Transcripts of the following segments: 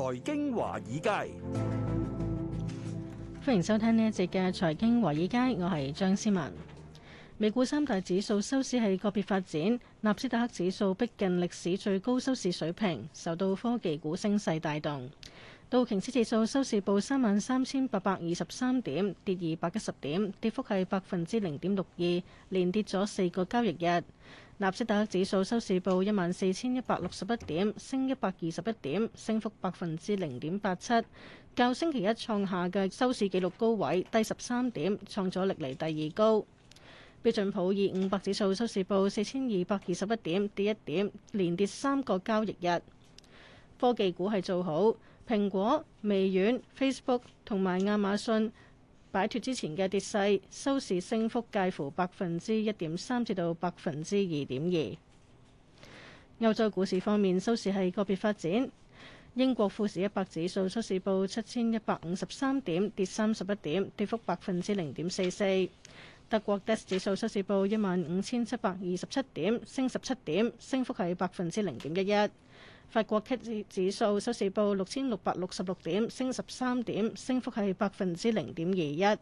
財經華爾街，歡迎收聽呢一節嘅財經華爾街，我係張思文。美股三大指數收市係個別發展，納斯達克指數逼近歷史最高收市水平，受到科技股升勢帶動。道瓊斯指數收市報三萬三千八百二十三點，跌二百一十點，跌幅係百分之零點六二，連跌咗四個交易日。納斯達克指數收市報一萬四千一百六十一點，升一百二十一點，升幅百分之零點八七，較星期一創下嘅收市紀錄高位低十三點，創咗歷嚟第二高。標準普爾五百指數收市報四千二百二十一點，跌一點，連跌三個交易日。科技股係做好，蘋果、微軟、Facebook 同埋亞馬遜。擺脱之前嘅跌勢，收市升幅介乎百分之一點三至到百分之二點二。歐洲股市方面，收市係個別發展。英國富時一百指數收市報七千一百五十三點，跌三十一點，跌幅百分之零點四四。德國 DAX 指數收市報一萬五千七百二十七點，升十七點，升幅係百分之零點一一。法國 CAC 指數收市報六千六百六十六點，升十三點，升幅係百分之零點二一。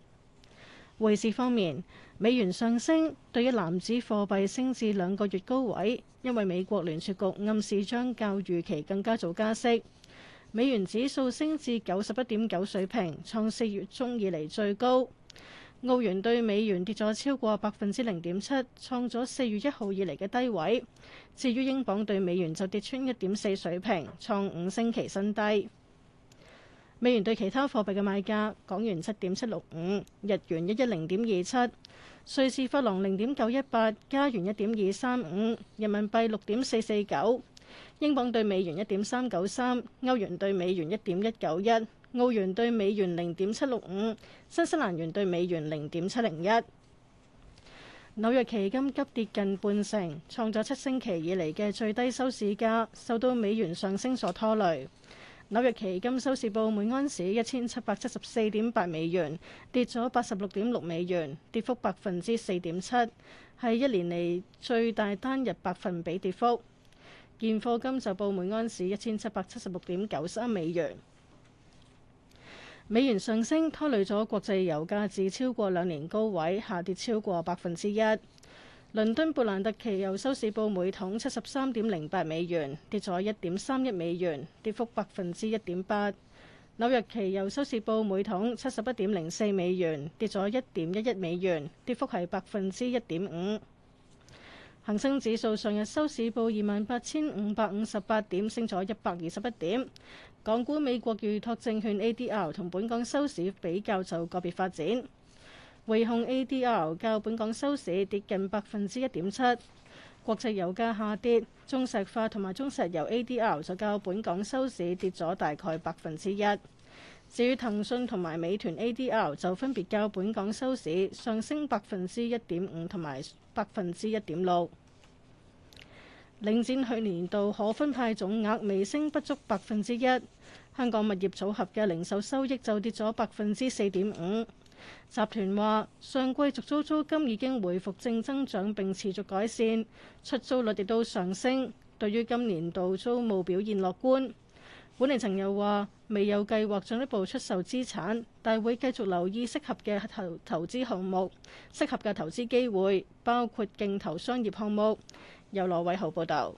匯市方面，美元上升，兌一籃子貨幣升至兩個月高位，因為美國聯儲局暗示將較預期更加早加，加息。美元指數升至九十一點九水平，創四月中以嚟最高。澳元兌美元跌咗超過百分之零點七，創咗四月一號以嚟嘅低位。至於英鎊對美元就跌穿一點四水平，創五星期新低。美元對其他貨幣嘅賣價：港元七點七六五，日元一一零點二七，瑞士法郎零點九一八，加元一點二三五，人民幣六點四四九，英鎊對美元一點三九三，歐元對美元一點一九一。澳元兌美元零點七六五，新西蘭元兌美元零點七零一。紐約期金急跌近半成，創咗七星期以嚟嘅最低收市價，受到美元上升所拖累。紐約期金收市報每盎司一千七百七十四點八美元，跌咗八十六點六美元，跌幅百分之四點七，係一年嚟最大單日百分比跌幅。現貨金就報每盎司一千七百七十六點九三美元。美元上升拖累咗國際油價至超過兩年高位，下跌超過百分之一。倫敦布蘭特期油收市報每桶七十三點零八美元，跌咗一點三一美元，跌幅百分之一點八。紐約期油收市報每桶七十一點零四美元，跌咗一點一一美元，跌幅係百分之一點五。恒生指數上日收市報二萬八千五百五十八點，升咗一百二十一點。港股美國預託證券 ADR 同本港收市比較就個別發展，匯控 ADR 較本港收市跌近百分之一點七。國際油價下跌，中石化同埋中石油 ADR 就較本港收市跌咗大概百分之一。至於騰訊同埋美團 ADR 就分別較本港收市上升百分之一點五同埋百分之一點六。領展去年度可分派總額微升不足百分之一，香港物業組合嘅零售收益就跌咗百分之四點五。集團話上季續租租金已經回復正增長並持續改善，出租率亦都上升。對於今年度租務表現樂觀，管理層又話未有計劃進一步出售資產，但會繼續留意適合嘅投投資項目、適合嘅投資機會，包括競投商業項目。有羅偉豪報道，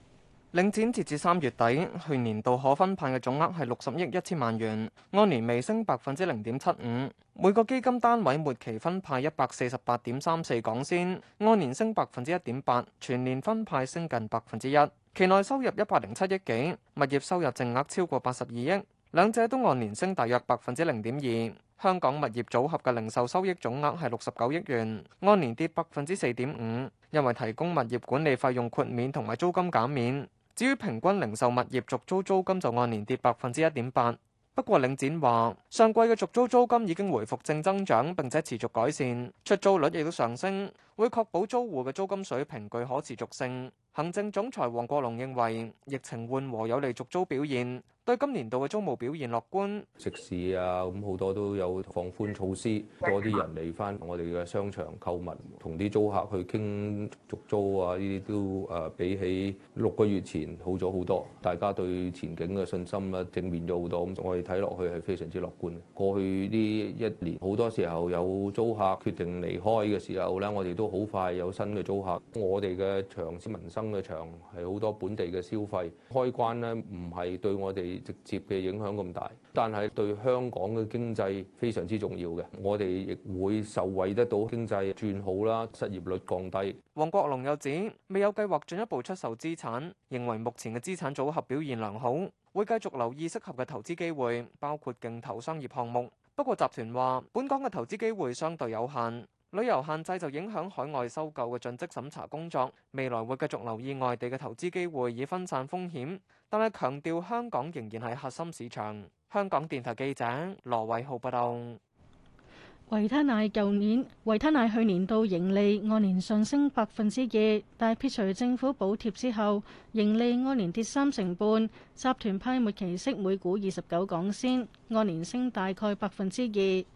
領展截至三月底去年度可分派嘅總額係六十億一千萬元，按年微升百分之零點七五。每個基金單位末期分派一百四十八點三四港仙，按年升百分之一點八，全年分派升近百分之一。期內收入一百零七億幾，物業收入淨額超過八十二億，兩者都按年升大約百分之零點二。香港物業組合嘅零售收益總額係六十九億元，按年跌百分之四點五。因為提供物業管理費用豁免同埋租金減免，至於平均零售物業續租租金就按年跌百分之一點八。不過領展話，上季嘅續租租金已經回復正增長，並且持續改善，出租率亦都上升，會確保租戶嘅租金水平具可持續性。行政總裁王國龍認為，疫情緩和有利續租表現。對今年度嘅租務表現樂觀，食、啊，食肆啊，咁好多都有放寬措施，多啲人嚟返我哋嘅商場購物，同啲租客去傾續租啊，呢啲都誒、啊、比起六個月前好咗好多，大家對前景嘅信心啦正面咗好多，咁我哋睇落去係非常之樂觀。過去呢一年好多時候有租客決定離開嘅時候呢，我哋都好快有新嘅租客。我哋嘅場市民生嘅場係好多本地嘅消費開關呢唔係對我哋直接嘅影響咁大，但係對香港嘅經濟非常之重要嘅，我哋亦會受惠得到經濟轉好啦，失業率降低。王國龍又指，未有計劃進一步出售資產，認為目前嘅資產組合表現良好，會繼續留意適合嘅投資機會，包括競投商業項目。不過集團話，本港嘅投資機會相對有限。旅遊限制就影響海外收購嘅盡職審查工作，未來會繼續留意外地嘅投資機會以分散風險，但係強調香港仍然係核心市場。香港電台記者羅偉浩報導。維他奶舊年、維他奶去年度盈利按年上升百分之二，但撇除政府補貼之後，盈利按年跌三成半。集團派末期息每股二十九港仙，按年升大概百分之二。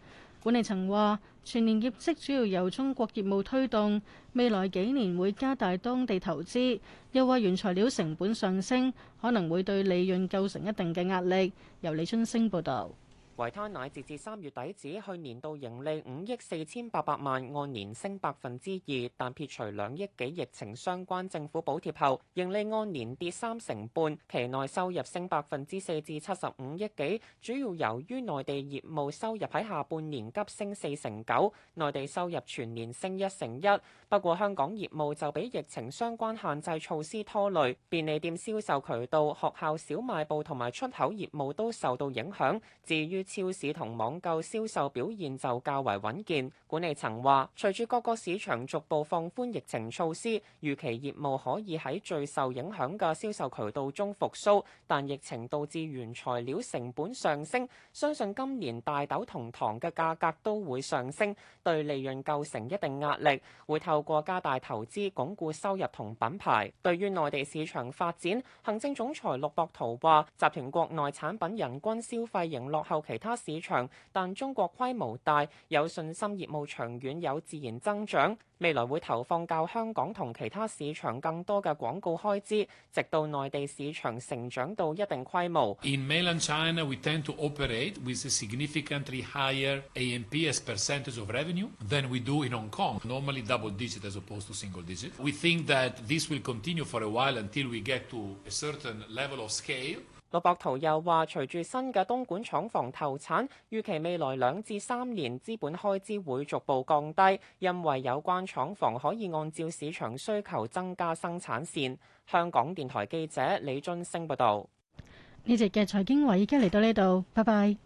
管理層話：全年業績主要由中國業務推動，未來幾年會加大當地投資。又話原材料成本上升可能會對利潤構成一定嘅壓力。由李春星報導。維他奶截至三月底止，去年度盈利五億四千八百萬，按年升百分之二，但撇除兩億幾疫情相關政府補貼後，盈利按年跌三成半。期內收入升百分之四至七十五億幾，主要由於內地業務收入喺下半年急升四成九，內地收入全年升一成一。不過香港業務就俾疫情相關限制措施拖累，便利店銷售渠道、學校小賣部同埋出口業務都受到影響。至於超市同網購銷售表現就較為穩健，管理層話：隨住各個市場逐步放寬疫情措施，預期業務可以喺最受影響嘅銷售渠道中復甦。但疫情導致原材料成本上升，相信今年大豆同糖嘅價格都會上升，對利潤構成一定壓力。會透過加大投資，鞏固收入同品牌。對於內地市場發展，行政總裁陸博圖話：集團國內產品人均消費仍落後期其他市場但中國規模大有信心業務長遠有自然增長未來會投放較香港同其他市場更多嘅廣告開支直到內地市場成長到一定規模羅博圖又話，隨住新嘅東莞廠房投產，預期未來兩至三年資本開支會逐步降低，因為有關廠房可以按照市場需求增加生產線。香港電台記者李津升報道。呢集嘅財經話已經嚟到呢度，拜拜。